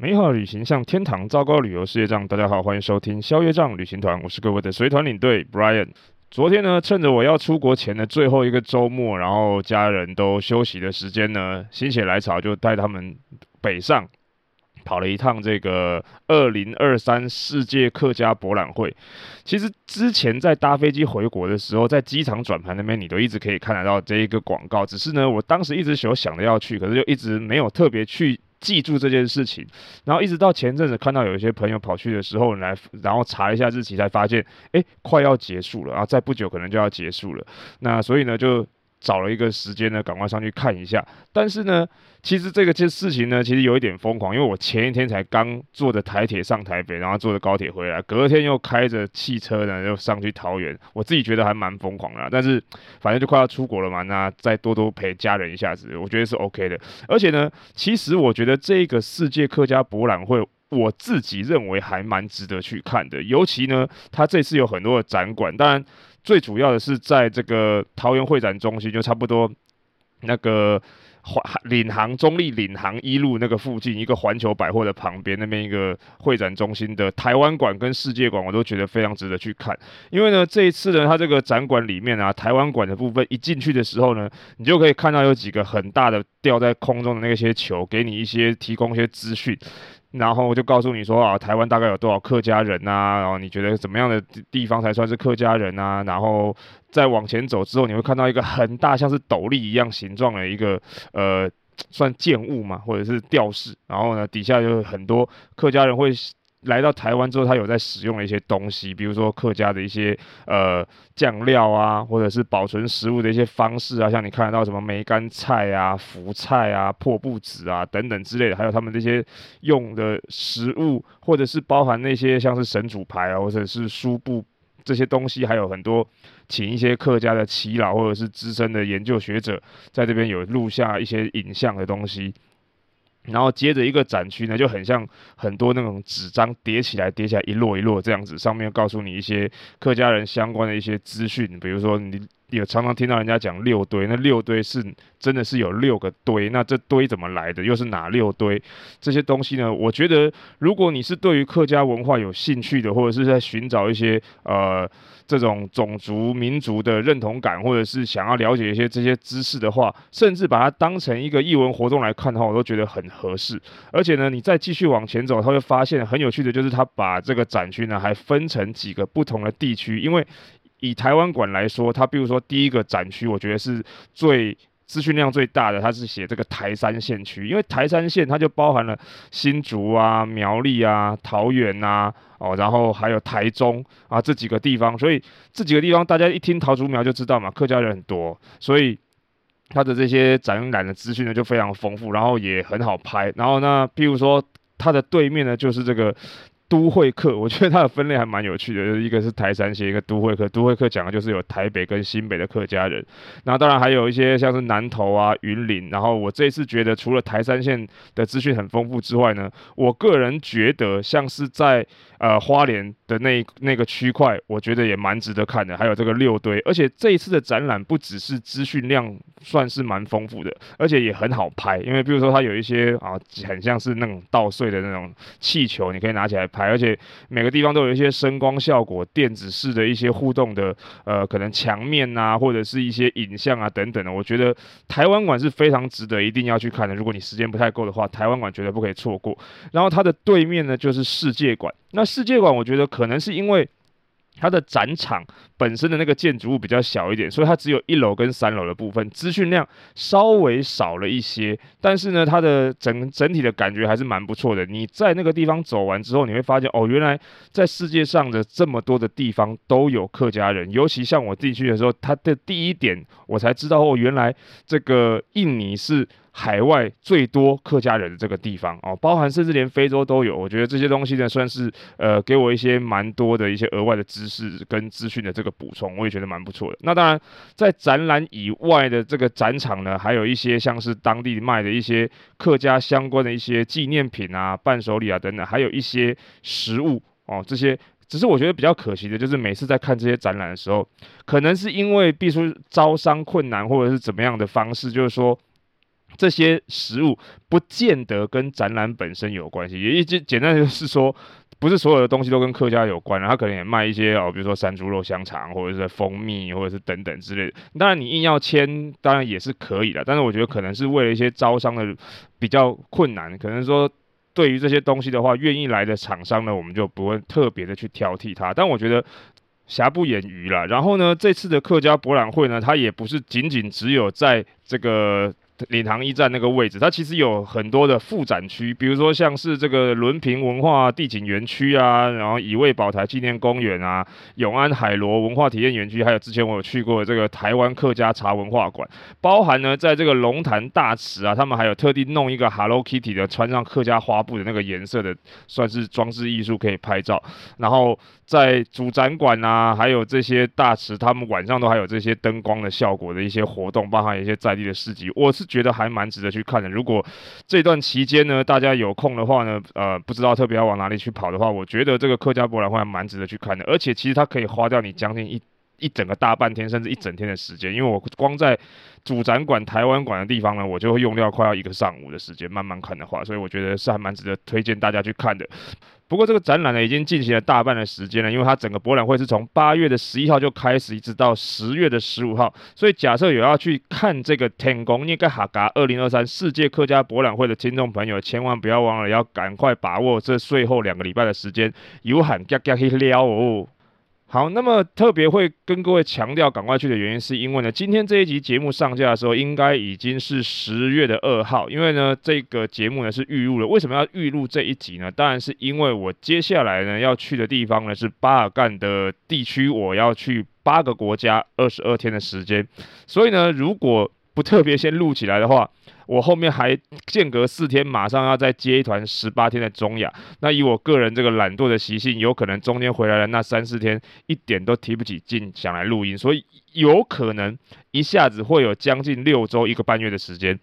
美好的旅行像天堂，糟糕旅遊是業障。大家好，歡迎收聽消業障旅行團，我是各位的隨團領隊 Brian。昨天呢，趁着我要出國前的最後一個周末，然後家人都休息的時間呢，心血來潮就帶他們北上跑了一趟這個二零二三世界客家博覽會。其實之前在搭飛機回國的時候，在機場轉盤那邊，你都一直可以看得到這一個廣告。只是呢，我當時一直想想着要去，可是就一直沒有特別去。記住這件事情，然後一直到前陣子看到有一些朋友跑去的時候來，來然後查一下日期，才發現，哎、欸，快要結束了，然後再不久可能就要結束了。那所以呢就。找了一個時間呢，趕快上去看一下。但是呢，其實這個件事情呢，其實有一點瘋狂，因為我前一天才剛坐著台鐵上台北，然後坐著高鐵回來，隔天又開着汽車呢，又上去桃園。我自己覺得還蠻瘋狂的啊，但是反正就快要出國了嘛，那再多多陪家人一下子，我覺得是 OK 的。而且呢，其實我覺得這個世界客家博覽會，我自己認為還蠻值得去看的。尤其呢，它這次有很多的展館，當然。最主要的是，在這個桃園會展中心，就差不多那個環領航、中壢領航一路那個附近，一個環球百貨的旁邊，那邊一個會展中心的台灣館跟世界館，我都覺得非常值得去看。因為呢，這一次呢，它這個展館裡面啊，台灣館的部分一進去的時候呢，你就可以看到有幾個很大的吊在空中的那些球，給你一些提供一些資訊。然後就告訴你說啊，台灣大概有多少客家人吶、啊？然後你覺得怎麼樣的地方才算是客家人吶、啊？然後再往前走之後，你會看到一個很大，像是斗笠一樣形狀的一個呃，算建物嘛，或者是吊飾。然後呢，底下就是很多客家人會。來到台灣之後，他有在使用的一些東西，比如說客家的一些呃醬料啊，或者是保存食物的一些方式啊，像你看得到什麼梅乾菜啊、福菜啊、破布子啊等等之類的，還有他們這些用的食物，或者是包含那些像是神主牌啊，或者是書布這些東西，還有很多請一些客家的耆老或者是資深的研究學者在這邊有錄下一些影像的東西。然後接着一個展區呢，就很像很多那種紙張疊起來、疊起來一摞一摞這樣子，上面告訴你一些客家人相關的一些資訊，比如說你。也常常聽到人家講六堆，那六堆是真的是有六個堆，那這堆怎麼來的？又是哪六堆？這些東西呢，我覺得，如果你是對於客家文化有興趣的，或者是在尋找一些呃這種種族民族的認同感，或者是想要了解一些這些知識的話，甚至把它當成一個藝文活動來看的話，我都覺得很合適。而且呢，你再繼續往前走，他會發現很有趣的就是，他把這個展區呢還分成幾個不同的地區，因為。以台灣館來說，它比如說第一個展區，我覺得是最資訊量最大的，它是寫這個台三線區，因為台三線它就包含了新竹啊、苗栗啊、桃園啊，哦，然後還有台中啊這幾個地方，所以這幾個地方大家一聽桃竹苗就知道嘛，客家人很多，所以它的這些展覽的資訊呢就非常豐富，然後也很好拍。然後呢，譬如說它的對面呢，就是這個。都會客，我覺得它的分類還蠻有趣的，就是一個是台三線，一個都會客。都會客講的就是有台北跟新北的客家人，那當然還有一些像是南投啊、雲林。然後我這一次覺得，除了台三線的資訊很豐富之外呢，我個人覺得像是在呃花蓮的那那個區塊，我覺得也蠻值得看的。還有這個六堆，而且這一次的展覽不只是資訊量算是蠻豐富的，而且也很好拍，因為比如說它有一些啊，很像是那種稻穗的那種氣球，你可以拿起來拍。台，而且每個地方都有一些聲光效果、電子式的一些互動的，呃，可能牆面啊，或者是一些影像啊等等的。我覺得台灣館是非常值得一定要去看的。如果你時間不太夠的話，台灣館絕對不可以錯過。然後它的對面呢，就是世界館。那世界館我覺得可能是因為。它的展場本身的那個建築物比較小一點，所以它只有一樓跟三樓的部分，資訊量稍微少了一些。但是呢，它的整整體的感覺還是蠻不錯的。你在那個地方走完之後，你會發現，哦，原來在世界上的這麼多的地方都有客家人，尤其像我進去的時候，它的第一點我才知道哦，原來這個印尼是海外最多客家人的這個地方哦，包含甚至連非洲都有。我覺得這些東西呢，算是呃給我一些蠻多的一些額外的知識跟資訊的這個補充，我也覺得蠻不錯的。那當然，在展覽以外的這個展場呢，還有一些像是當地賣的一些客家相關的一些紀念品啊、伴手禮啊等等，還有一些食物哦。這些只是我覺得比較可惜的，就是每次在看這些展覽的時候，可能是因為必須招商困難，或者是怎麼樣的方式，就是說，這些食物不見得跟展覽本身有關係，也一就簡單就是說，不是所有的東西都跟客家有關啊，然後他可能也賣一些哦，比如說山豬肉香腸，或者是蜂蜜，或者是等等之類。當然你硬要簽，當然也是可以的，但是我覺得可能是為了一些招商的比較困難，可能說對於這些東西的話，願意來的廠商呢，我們就不會特別的去挑剔它。但我覺得瑕不掩瑜啦。然後呢，這次的客家博覽會呢，它也不是僅僅只有在這個。領航驛站那個位置，它其實有很多的副展區，比如說像是這個崙坪文化地景園區啊，然後乙未保台紀念公園啊，永安海螺文化體驗園區，還有之前我有去過這個台灣客家茶文化館，包含呢，在這個龍潭大池啊，他們還有特地弄一個 Hello Kitty 的穿上客家花布的那個顏色的，算是裝置藝術可以拍照。然後在主展館啊，還有這些大池，他們晚上都還有這些燈光的效果的一些活動，包含一些在地的市集，我是，覺得還蠻值得去看的。如果這段期間呢，大家有空的話呢，呃，不知道特別要往哪裡去跑的話，我覺得這個客家博覽會蠻值得去看的，而且其實它可以花掉你將近一。一整個大半天，甚至一整天的時間，因為我光在主展館、台灣館的地方呢，我就會用掉快要一個上午的時間，慢慢看的話，所以我覺得是還蠻值得推薦大家去看的。不過這個展覽呢，已經進行了大半的時間了，因為它整個博覽會是從八月的十一號就開始，一直到十月的十五號，所以假設有要去看這個天宮、那個哈嘎二零二三世界客家博覽會的聽眾朋友，千萬不要忘了要趕快把握這最後兩個禮拜的時間，有喊嘎嘎黑撩哦！好，那麼特別會跟各位強調趕快去的原因，是因為呢，今天這一集節目上架的時候，應該已經是十月的二號。因為呢，這個節目呢是預錄了。為什麼要預錄這一集呢？當然是因為我接下來呢要去的地方呢是巴爾幹的地區，我要去八個國家，二十二天的時間。所以呢，如果不特別先錄起來的話，我後面還間隔四天，馬上要再接一團十八天的中亞。那以我個人這個懶惰的習性，有可能中間回來的那三四天一點都提不起勁想來錄音，所以有可能一下子會有將近六周一個半月的時間，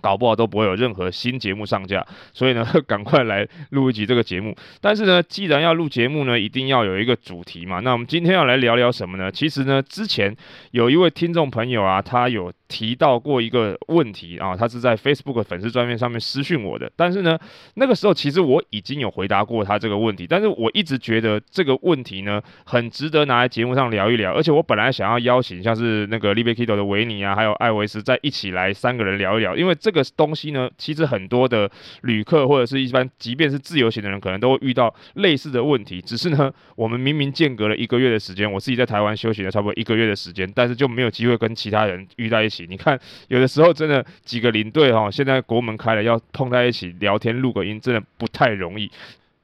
搞不好都不會有任何新節目上架。所以呢，趕快來錄一集這個節目。但是呢，既然要錄節目呢，一定要有一個主題嘛。那我們今天要來聊聊什麼呢？其實呢，之前有一位聽眾朋友啊，他有。提到過一個問題啊、哦，他是在 Facebook 粉絲專頁上面私訊我的。但是呢，那個時候其實我已經有回答過他這個問題，但是我一直覺得這個問題呢，很值得拿來節目上聊一聊。而且我本來想要邀請像是那個利 i quito 的維尼啊，還有艾維斯在一起來三個人聊一聊，因為這個東西呢，其實很多的旅客或者是一般，即便是自由行的人，可能都會遇到類似的問題。只是呢，我們明明間隔了一個月的時間，我自己在台灣休息了差不多一個月的時間，但是就沒有機會跟其他人遇在一起。你看，有的時候真的幾個領隊哈，現在國門開了，要碰在一起聊天錄個音，真的不太容易。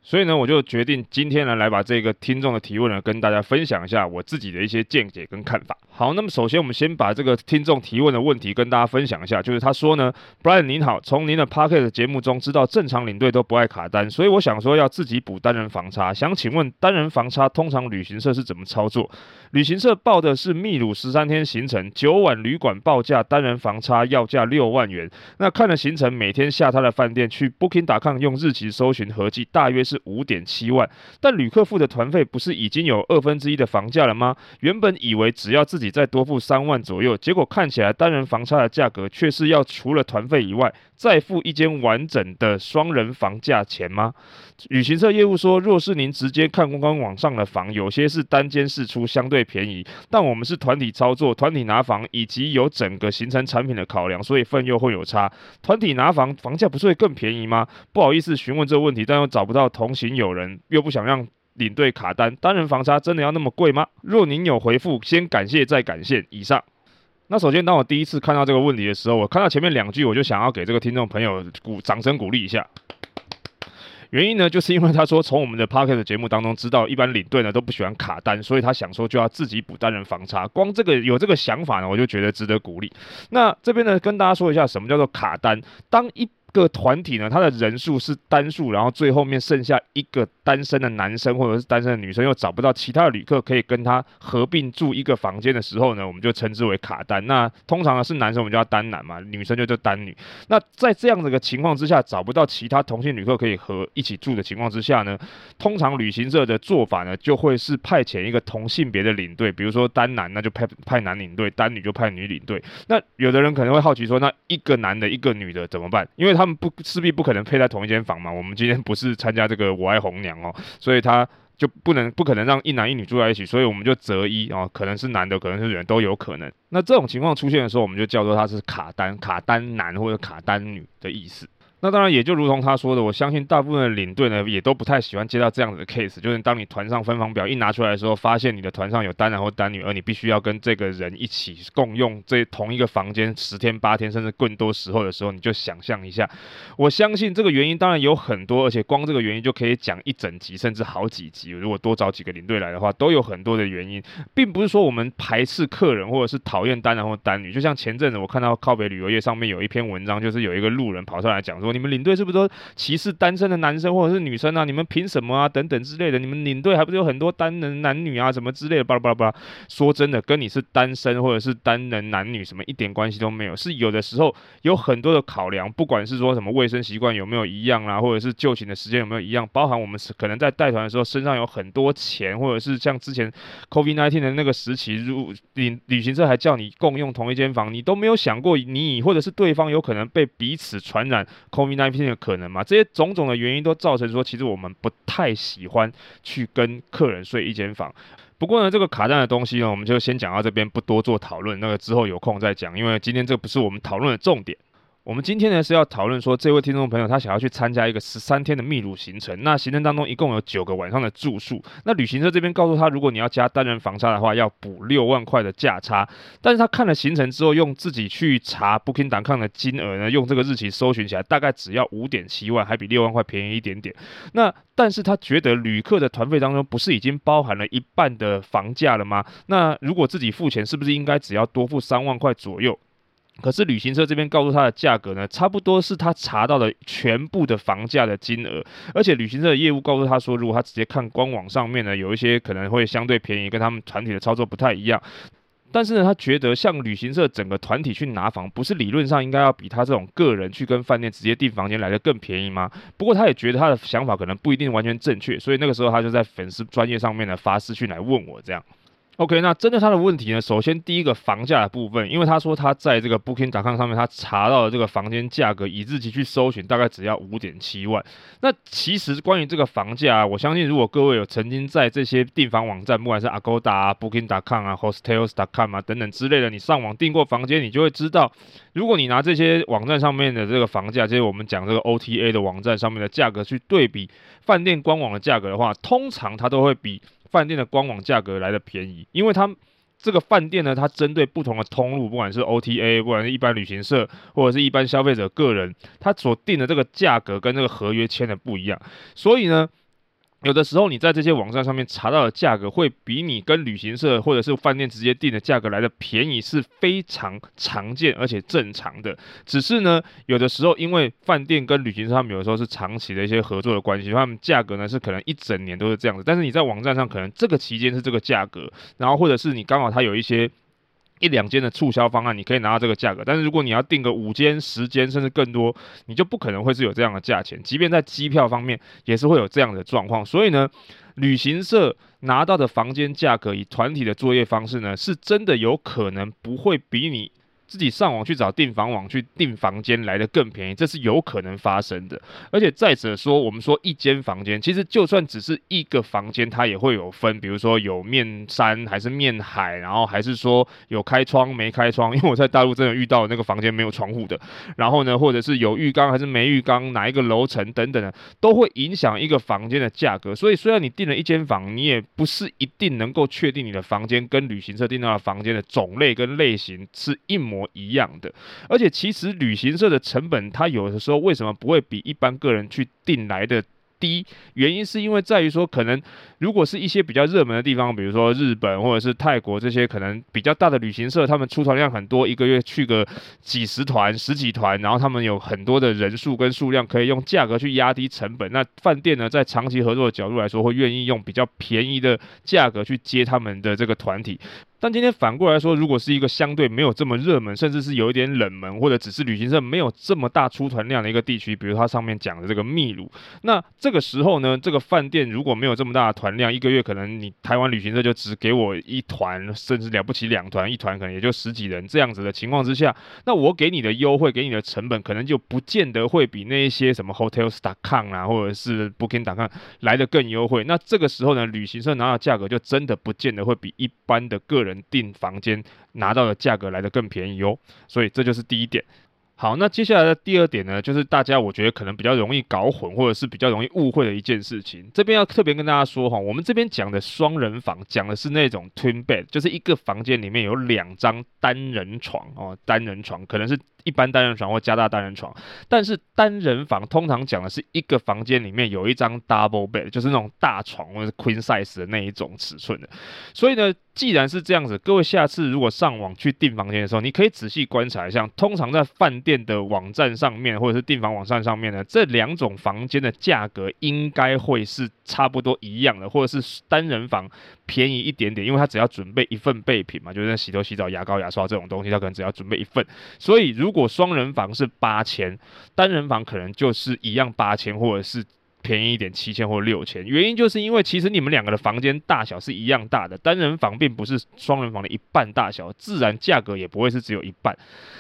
所以呢，我就決定今天呢，來把這個聽眾的提問呢跟大家分享一下我自己的一些見解跟看法。好，那麼首先我們先把這個聽眾提問的問題跟大家分享一下，就是他說呢，Brian 您好，從您的 Podcast 節目中知道正常領隊都不愛卡單，所以我想說要自己補單人房差，想請問單人房差通常旅行社是怎麼操作？旅行社報的是秘魯十三天行程，九晚旅館報價單人房差要價六萬元。那看了行程，每天下榻的飯店去 Booking.com 用日期搜尋，合計大約是。五點七萬，但旅客付的團費不是已經有二分之一的房價了嗎？原本以為只要自己再多付三萬左右，結果看起來單人房差的價格卻是要除了團費以外，再付一間完整的雙人房價錢嗎？旅行社業務說，若是您直接看官方網上的房，有些是單間釋出相對便宜，但我們是團體操作，團體拿房以及有整個行程產品的考量，所以費用會有差。團體拿房房價不是會更便宜嗎？不好意思詢問這個問題，但又找不到同。同行有人又不想讓領隊卡單，單人房差真的要那麼貴嗎？若您有回復，先感謝再感謝。以上，那首先當我第一次看到這個問題的時候，我看到前面兩句，我就想要給這個聽眾朋友鼓掌聲鼓勵一下。原因呢，就是因為他說從我們的 Podcast 節目當中知道，一般領隊呢都不喜歡卡單，所以他想說就要自己補單人房差。光這個有這個想法呢，我就覺得值得鼓勵。那這邊呢，跟大家說一下什麼叫做卡單，當一。各團體呢，他的人數是單數，然後最後面剩下一個單身的男生或者是單身的女生，又找不到其他的旅客可以跟他合併住一個房間的時候呢，我們就稱之為卡單。那通常呢是男生，我們就叫他單男嘛，女生就叫單女。那在這樣子的一個情況之下，找不到其他同性旅客可以和一起住的情況之下呢，通常旅行社的做法呢，就會是派遣一個同性別的領隊，比如說單男，那就派派男領隊；單女就派女領隊。那有的人可能會好奇說，那一個男的，一個女的怎麼辦？因為他他們不，勢必不可能配在同一間房嘛。我們今天不是參加這個我愛紅娘哦，所以他就不能不可能讓一男一女住在一起，所以我們就擇一哦，可能是男的，可能是女的，都有可能。那這種情況出現的時候，我們就叫做他是卡單，卡單男或者卡單女的意思。那當然也就如同他說的，我相信大部分的領隊呢也都不太喜歡接到這樣子的 case，就是當你團上分房表一拿出來的時候，發現你的團上有單男或單女，而你必須要跟這個人一起共用這同一個房間十天八天，甚至更多時候的時候，你就想象一下，我相信這個原因當然有很多，而且光這個原因就可以講一整集甚至好幾集。如果多找幾個領隊來的話，都有很多的原因，並不是說我們排斥客人或者是討厭單男或單女。就像前陣子我看到靠北旅遊業上面有一篇文章，就是有一個路人跑上來講說。你們領隊是不是都歧視單身的男生或者是女生啊？你們憑什麼啊？等等之類的，你們領隊還不是有很多單人男女啊？什麼之類的，巴拉巴拉巴拉。說真的，跟你是單身或者是單人男女什麼一點關係都沒有。是有的時候有很多的考量，不管是說什麼衛生習慣有沒有一樣啦、啊，或者是就寢的時間有沒有一樣，包含我們可能在帶團的時候身上有很多錢，或者是像之前 COVID-19 的那個時期，如旅旅行社還叫你共用同一間房，你都沒有想過你或者是對方有可能被彼此傳染。COVID-19 的可能嘛，這些種種的原因都造成說，其實我們不太喜歡去跟客人睡一間房。不過呢，這個卡單的東西呢，我們就先講到這邊，不多做討論。那個之後有空再講，因為今天這個不是我們討論的重點。我們今天呢是要討論說，這位聽眾朋友他想要去參加一個十三天的祕魯行程，那行程當中一共有九個晚上的住宿，那旅行社這邊告訴他，如果你要加單人房差的話，要補六萬塊的價差，但是他看了行程之後，用自己去查 Booking.com 的金額呢，用這個日期搜尋起來，大概只要五點七萬，還比六萬塊便宜一點點。那但是他覺得旅客的團費當中不是已經包含了一半的房價了嗎？那如果自己付錢，是不是應該只要多付三萬塊左右？可是旅行社這邊告訴他的價格呢，差不多是他查到的全部的房價的金額，而且旅行社的業務告訴他說，如果他直接看官網上面呢，有一些可能會相對便宜，跟他們團體的操作不太一樣。但是呢，他覺得像旅行社整個團體去拿房，不是理論上應該要比他這種個人去跟飯店直接訂房間來得更便宜嗎？不過他也覺得他的想法可能不一定完全正確，所以那個時候他就在粉絲專頁上面呢發私訊來問我這樣。OK，那針對他的問題呢，首先第一個房價的部分，因為他說他在這個 Booking. dot com 上面，他查到的這個房間價格，以自己去搜尋，大概只要五點七萬。那其實關於這個房價啊，我相信如果各位有曾經在這些訂房網站，不管是 Agoda 啊、Booking. dot com 啊、Hostels. dot com 啊等等之類的，你上網訂過房間，你就會知道，如果你拿這些網站上面的這個房價，就是我們講這個 OTA 的網站上面的價格去對比飯店官網的價格的話，通常它都會比。飯店的官網價格來的便宜，因為他這個飯店呢，它針對不同的通路，不管是 OTA，不管是一般旅行社，或者是一般消費者個人，他所定的這個價格跟這個合約簽的不一樣，所以呢。有的時候你在這些網站上面查到的價格，會比你跟旅行社或者是飯店直接訂的價格來得便宜，是非常常見而且正常的。只是呢，有的時候因為飯店跟旅行社他們有時候是長期的一些合作的關係，他們價格呢是可能一整年都是這樣子。但是你在網站上可能這個期間是這個價格，然後或者是你剛好他有一些。一兩間的促銷方案，你可以拿到這個價格。但是如果你要訂個五間、十間，甚至更多，你就不可能會是有這樣的價錢。即便在機票方面，也是會有這樣的狀況。所以呢，旅行社拿到的房間價格以團體的作業方式呢，是真的有可能不會比你。自己上網去找訂房網去訂房間來得更便宜，這是有可能發生的。而且再者說，我們說一間房間，其實就算只是一個房間，它也會有分，比如說有面山還是面海，然後還是說有開窗沒開窗，因為我在大陸真的遇到的那個房間沒有窗戶的。然後呢，或者是有浴缸還是沒浴缸，哪一個樓層等等的，都會影響一個房間的價格。所以雖然你訂了一間房，你也不是一定能夠確定你的房間跟旅行社訂到的房間的種類跟類型是一模模一樣的，而且其實旅行社的成本，它有的時候為什麼不會比一般個人去訂來的低？原因是因為在於說，可能如果是一些比較熱門的地方，比如說日本或者是泰國這些，可能比較大的旅行社，他們出團量很多，一個月去個幾十團、十幾團，然後他們有很多的人數跟數量，可以用價格去壓低成本。那飯店呢，在長期合作的角度來說，會願意用比較便宜的價格去接他們的這個團體。但今天反過來說，如果是一個相對沒有這麼熱門，甚至是有一點冷門，或者只是旅行社沒有這麼大出團量的一個地區，比如它上面講的這個秘魯，那這個時候呢，這個飯店如果沒有這麼大的團量，一個月可能你台灣旅行社就只給我一團，甚至了不起兩團，一團可能也就十幾人這樣子的情況之下，那我給你的優惠，給你的成本，可能就不見得會比那一些什麼 hotels dot com 啊，或者是 booking dot com 來得更優惠。那這個時候呢，旅行社拿到價格就真的不見得會比一般的個人人訂房間拿到的價格來得更便宜哦，所以這就是第一點。好，那接下來的第二點呢，就是大家我覺得可能比較容易搞混或者是比較容易誤會的一件事情，這邊要特別跟大家說哈，我們這邊講的雙人房講的是那種 twin bed，就是一個房間裡面有兩張單人床哦，單人床可能是一般單人床或加大單人床，但是單人房通常講的是一個房間裡面有一張 double bed，就是那種大床或是 queen size 的那一種尺寸的，所以呢。既然是這樣子，各位下次如果上網去訂房間的時候，你可以仔細觀察一下。通常在飯店的網站上面，或者是訂房網站上面呢，這兩種房間的價格應該會是差不多一樣的，或者是單人房便宜一點點，因為它只要準備一份備品嘛，就是洗頭、洗澡、牙膏、牙刷這種東西，它可能只要準備一份。所以如果雙人房是八千，單人房可能就是一樣八千，或者是。便宜一點，七千或六千，原因就是因為其實你們兩個的房間大小是一樣大的，單人房並不是雙人房的一半大小，自然價格也不會是只有一半。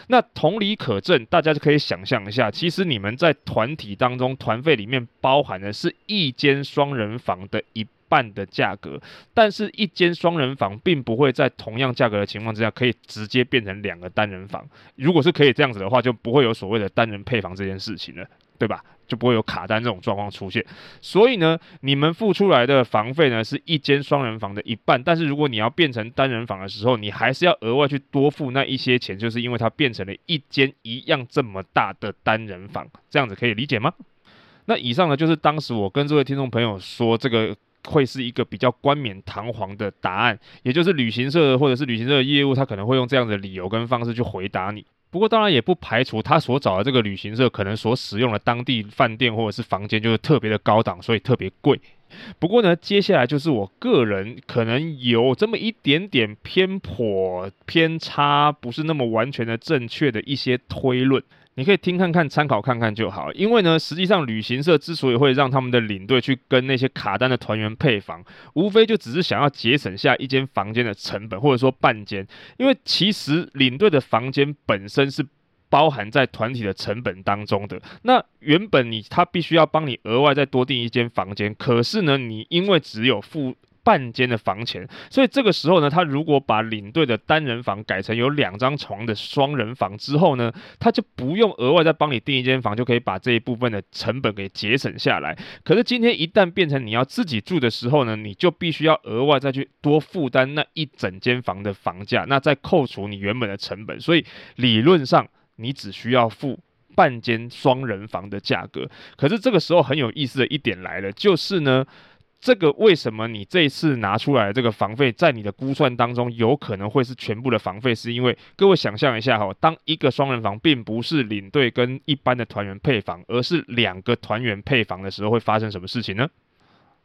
那同理可證，大家就可以想象一下，其實你們在團體當中，團費裡面包含的是一間雙人房的一半的價格，但是一間雙人房並不會在同樣價格的情況之下可以直接變成兩個單人房。如果是可以這樣子的話，就不會有所謂的單人配房這件事情了，對吧？就不會有卡單這種狀況出現，所以呢，你們付出來的房費呢，是一間雙人房的一半，但是如果你要變成單人房的時候，你還是要額外去多付那一些錢，就是因為它變成了一間一樣這麼大的單人房，這樣子可以理解嗎？那以上呢，就是當時我跟這位聽眾朋友說，這個會是一個比較冠冕堂皇的答案，也就是旅行社的或者是旅行社的業務，他可能會用這樣的理由跟方式去回答你。不過當然也不排除他所找的這個旅行社，可能所使用的當地飯店或者是房間就是特別的高檔，所以特別貴。不過呢，接下來就是我個人可能有這麼一點點偏頗、偏差，不是那麼完全的正確的一些推論。你可以聽看看，參考看看就好。因為呢，實際上旅行社之所以會讓他們的領隊去跟那些卡單的團員配房，無非就只是想要節省下一間房間的成本，或者說半間。因為其實領隊的房間本身是包含在團體的成本當中的。那原本你他必須要幫你額外再多訂一間房間，可是呢，你因為只有付半間的房錢，所以這個時候呢，他如果把領隊的單人房改成有兩張床的雙人房之後呢，他就不用額外再幫你訂一間房，就可以把這一部分的成本給節省下來。可是今天一旦變成你要自己住的時候呢，你就必須要額外再去多負擔那一整間房的房價，那再扣除你原本的成本，所以理論上你只需要付半間雙人房的價格。可是這個時候很有意思的一點來了，就是呢。這個為什麼你這一次拿出來的這個房費，在你的估算當中有可能會是全部的房費，是因為各位想象一下哈，當一個雙人房並不是領隊跟一般的團員配房，而是兩個團員配房的時候，會發生什麼事情呢？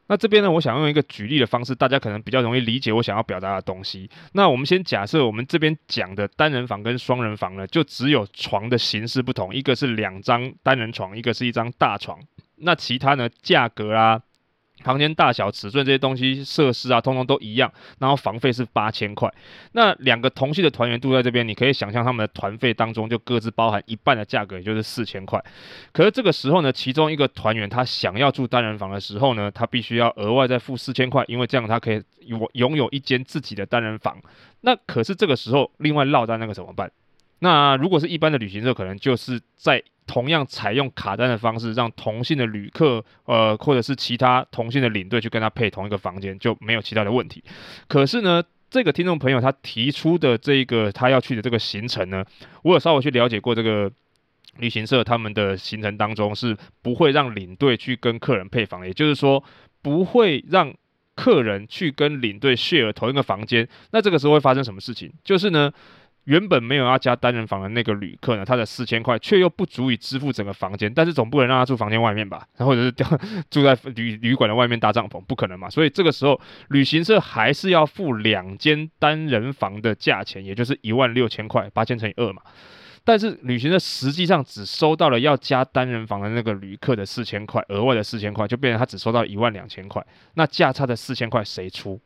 那這邊呢，我想用一個舉例的方式，大家可能比較容易理解我想要表達的東西。那我們先假設我們這邊講的單人房跟雙人房呢，就只有床的形式不同，一個是兩張單人床，一個是一張大床。那其他呢，價格啊、房間大小、尺寸這些東西、設施啊，通通都一樣。然後房費是八千塊。那兩個同性的團員住在這邊，你可以想象他們的團費當中就各自包含一半的價格，也就是四千塊。可是這個時候呢，其中一個團員他想要住單人房的時候呢，他必須要額外再付四千塊，因為這樣他可以擁有，有一間自己的單人房。那可是這個時候另外落單那個怎麼辦？那如果是一般的旅行社，可能就是在同樣採用卡單的方式，讓同性的旅客，呃，或者是其他同性的領隊去跟他配同一個房間，就沒有其他的問題。可是呢，這個聽眾朋友他提出的這一個他要去的這個行程呢，我有稍微去了解過這個旅行社他們的行程當中是不會讓領隊去跟客人配房，也就是說不會讓客人去跟領隊 share 同一個房間。那這個時候會發生什麼事情？就是呢。原本沒有要加單人房的那個旅客呢，他的四千塊卻又不足以支付整個房間，但是總不能讓他住房間外面吧？然後或者是住在旅旅館的外面搭帳篷，不可能嘛。所以這個時候，旅行社還是要付兩間單人房的價錢，也就是一萬六千塊，八千乘以二嘛。但是旅行社實際上只收到了要加單人房的那個旅客的四千塊，額外的四千塊就變成他只收到一萬兩千塊，那價差的四千塊誰出？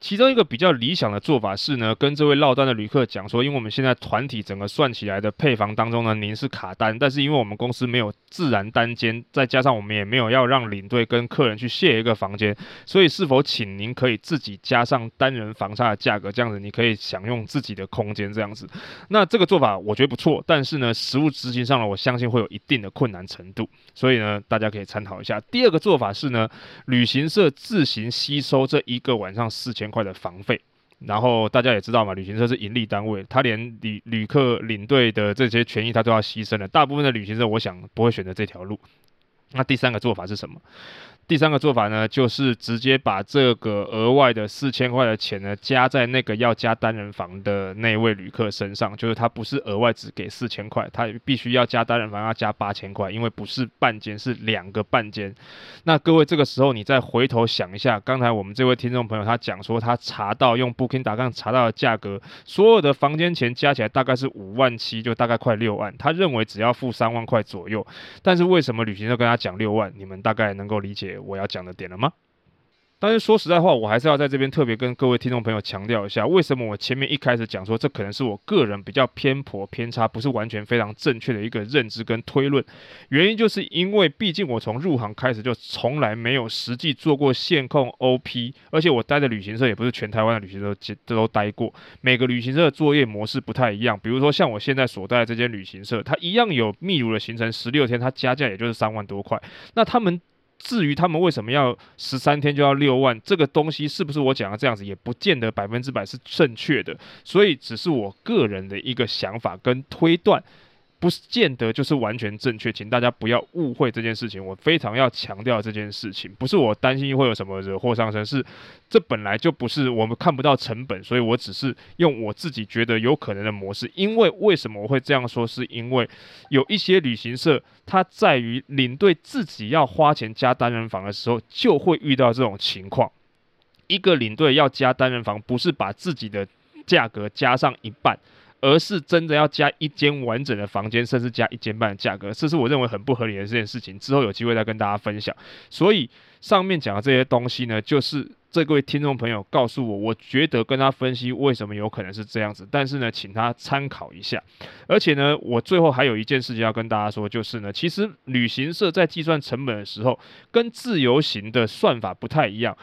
其中一個比較理想的做法是呢，跟這位落單的旅客講說，因為我們現在團體整個算起來的配房當中呢，您是卡單，但是因為我們公司沒有自然單間，再加上我們也沒有要讓領隊跟客人去卸一個房間，所以是否請您可以自己加上單人房差的價格，這樣子你可以享用自己的空間，這樣子。那這個做法我覺得不錯，但是呢，實務執行上呢，我相信會有一定的困難程度，所以呢，大家可以參考一下。第二個做法是呢，旅行社自行吸收這一個晚上四千塊的房費，然後大家也知道嘛，旅行社是盈利單位，他連旅旅客領隊的這些權益他都要犧牲了，大部分的旅行社我想不會選擇這條路。那第三個做法是什麼？第三個做法呢，就是直接把這個額外的四千塊的錢呢，加在那個要加單人房的那位旅客身上，就是他不是額外只給四千塊，他必須要加單人房要加八千塊，因為不是半間是兩個半間。那各位這個時候你再回頭想一下，剛才我們這位聽眾朋友他講說，他查到用 Booking 打槓查到的價格，所有的房間錢加起來大概是五萬七，就大概快六萬。他認為只要付三萬塊左右，但是為什麼旅行社跟他講六萬？你們大概能夠理解，我要講的點了嗎？但是說實在話，我還是要在這邊特別跟各位聽眾朋友強調一下，為什麼我前面一開始講說，這可能是我個人比較偏頗偏差，不是完全非常正確的一個認知跟推論，原因就是因為畢竟我從入行開始就從來沒有實際做過線控 OP，而且我待的旅行社也不是全台灣的旅行社都都待過，每個旅行社的作業模式不太一樣。比如說像我現在所在的這間旅行社，它一樣有秘魯的行程十六天，它加價也就是三萬多塊，那他們。至於他們為什麼要十三天就要六萬，這個東西是不是我講的這樣子，也不見得百分之百是正確的，所以只是我個人的一個想法跟推斷。不是見得就是完全正確，請大家不要誤會這件事情。我非常要強調這件事情，不是我擔心會有什麼惹禍上身，是這本來就不是我們看不到成本，所以我只是用我自己覺得有可能的模式。因為，為什麼我會這樣說，是因為有一些旅行社，它在於領隊自己要花錢加單人房的時候，就會遇到這種情況。一個領隊要加單人房，不是把自己的價格加上一半。而是真的要加一間完整的房間，甚至加一間半的價格，這是我認為很不合理的這件事情。之後有機會再跟大家分享。所以。上面講的這些東西呢，就是這位聽眾朋友告訴我，我覺得跟他分析為什麼有可能是這樣子，但是呢，請他參考一下。而且呢，我最後還有一件事情要跟大家說，就是呢，其實旅行社在計算成本的時候，跟自由行的算法不太一樣。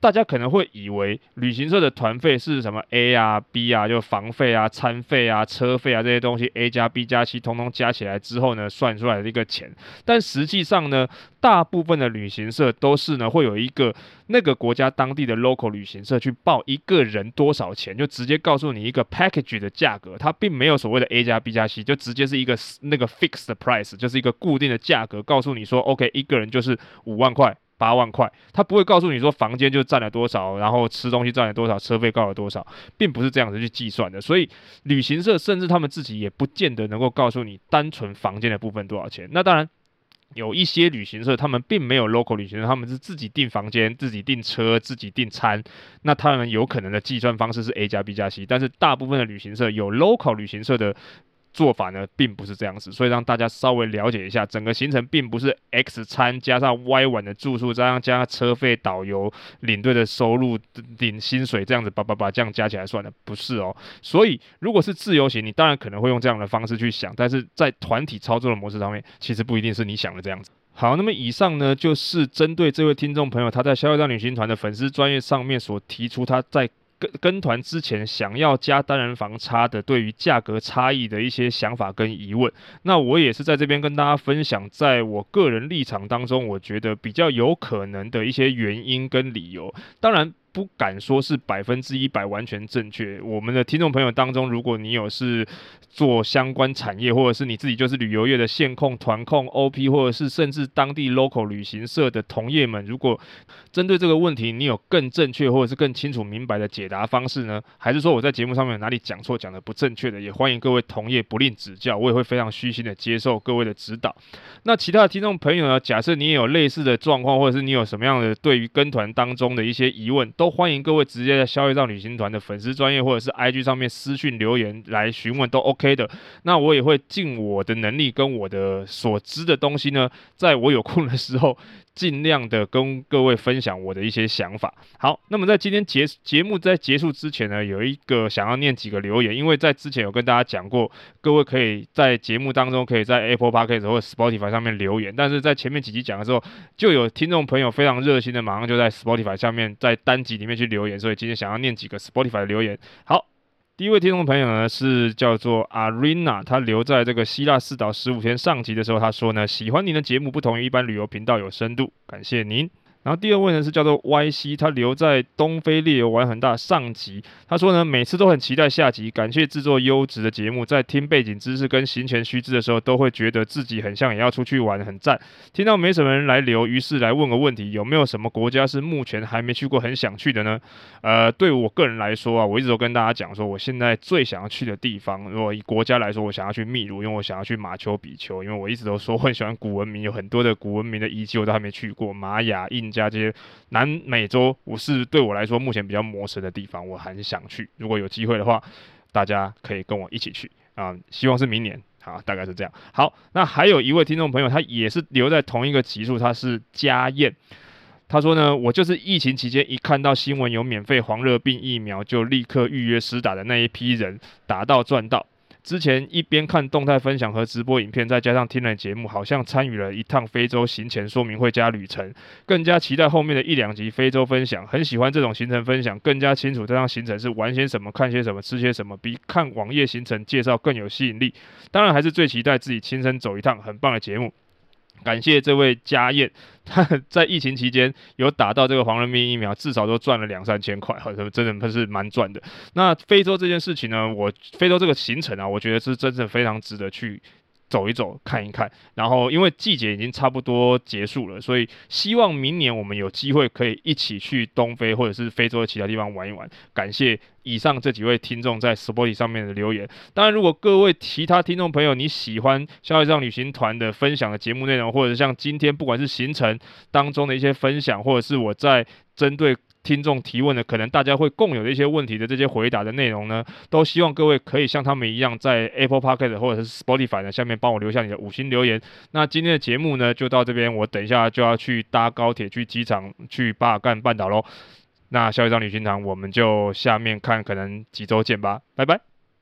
大家可能會以為旅行社的團費是什麼 A 啊、B 啊，就房費啊、餐費啊、車費啊這些東西 A 加 B 加 C，通通加起來之後呢，算出來的一個錢。但實際上呢？大部分的旅行社都是呢，會有一個那個國家當地的 local 旅行社去報一個人多少錢，就直接告訴你一個 package 的價格，它並沒有所謂的 A 加 B 加 C，就直接是一個那個 fixed price，就是一個固定的價格，告訴你說 OK 一個人就是五萬塊、八萬塊，它不會告訴你說房間就佔了多少，然後吃東西佔了多少，車費高了多少，並不是這樣子去計算的。所以旅行社甚至他們自己也不見得能夠告訴你單純房間的部分多少錢。那當然。有一些旅行社，他們並沒有 local 旅行社，他們是自己訂房間、自己訂車、自己訂餐。那他們有可能的計算方式是 A 加 B 加 C，但是大部分的旅行社有 local 旅行社的。做法呢，並不是這樣子，所以讓大家稍微了解一下，整個行程並不是 X 餐，加上 Y 晚的住宿，這樣加上加上車費、導遊、領隊的收入領薪水這樣子，叭叭叭這樣加起來算了，不是哦。所以如果是自由行，你當然可能會用這樣的方式去想，但是在團體操作的模式上面，其實不一定是你想的這樣子。好，那麼以上呢，就是針對這位聽眾朋友，他在消業障旅行團的粉絲專業上面所提出，他在。跟跟團之前想要加單人房差的，對於價格差異的一些想法跟疑問，那我也是在這邊跟大家分享，在我個人立場當中，我覺得比較有可能的一些原因跟理由，當然。不敢說是百分之一百完全正確。我們的聽眾朋友當中，如果你有是做相關產業，或者是你自己就是旅遊業的線控、團控、OP，或者是甚至當地 local 旅行社的同業們，如果針對這個問題，你有更正確或者是更清楚明白的解答方式呢？還是說我在節目上面有哪裡講錯講得不正確的，也歡迎各位同業不吝指教，我也會非常虛心的接受各位的指導。那其他的聽眾朋友呢？假設你也有類似的狀況，或者是你有什麼樣的對於跟團當中的一些疑問？都歡迎各位直接在消業障旅行團的粉絲專頁或者是 IG 上面私訊留言來詢問，都 OK 的。那我也會盡我的能力跟我的所知的東西呢，在我有空的時候。盡量的跟各位分享我的一些想法。好，那麼在今天結節，節目在結束之前呢，有一個想要念幾個留言，因為在之前有跟大家講過，各位可以在節目當中，可以在 Apple Podcast 或者 Spotify 上面留言。但是在前面幾集講的時候，就有聽眾朋友非常熱心的，馬上就在 Spotify 下面在單集裡面去留言，所以今天想要念幾個 Spotify 的留言。好。第一位聽眾朋友呢，是叫做阿瑞娜，她留在這個希臘四島十五天上集的時候，她說呢，喜歡您的節目，不同於一般旅遊頻道有深度，感謝您。然後第二位呢是叫做 YC，他留在東非獵遊玩很大上集，他說呢，每次都很期待下集，感謝製作優質的節目，在聽背景知識跟行前須知的時候，都會覺得自己很像也要出去玩，很讚。聽到沒什麼人來留，於是來問個問題，有沒有什麼國家是目前還沒去過，很想去的呢？呃，對我個人來說啊，我一直都跟大家講說，我現在最想要去的地方，如果以國家來說，我想要去秘魯，因為我想要去馬丘比丘，因為我一直都說我很喜歡古文明，有很多的古文明的遺跡我都還沒去過，瑪雅印加街、南美洲，我是對我來說目前比較陌生的地方，我很想去。如果有機會的話，大家可以跟我一起去啊、嗯，希望是明年啊，大概是這樣。好，那還有一位聽眾朋友，他也是留在同一個集數，他是家宴。他說呢，我就是疫情期間一看到新聞有免費黃熱病疫苗，就立刻預約施打的那一批人，打到賺到。之前一邊看動態分享和直播影片，再加上聽了節目，好像參與了一趟非洲行前說明會加旅程，更加期待後面的一兩集非洲分享。很喜歡這種行程分享，更加清楚這趟行程是玩些什麼、看些什麼、吃些什麼，比看網頁行程介紹更有吸引力。當然，還是最期待自己親身走一趟，很棒的節目。感謝這位家燕，他在疫情期間有打到這個黃熱病疫苗，至少都賺了兩三千塊，好，真的他是蠻賺的。那非洲這件事情呢，我非洲這個行程啊，我覺得是真的非常值得去。走一走，看一看，然後因為季節已經差不多結束了，所以希望明年我們有機會可以一起去東非或者是非洲的其他地方玩一玩。感謝以上這幾位聽眾在 Spotify 上面的留言。當然，如果各位其他聽眾朋友，你喜歡消業障旅行團的分享的節目內容，或者像今天不管是行程當中的一些分享，或者是我在針對聽眾提問的可能大家會共有的一些問題的這些回答的內容呢，都希望各位可以像他們一樣在 Apple Podcast 或者是 Spotify 的下面幫我留下你的五星留言。那今天的節目呢，就到這邊，我等一下就要去搭高鐵去機場去巴爾幹半島嘍。那消業障旅行團我們就下面看，可能幾周見吧，拜拜。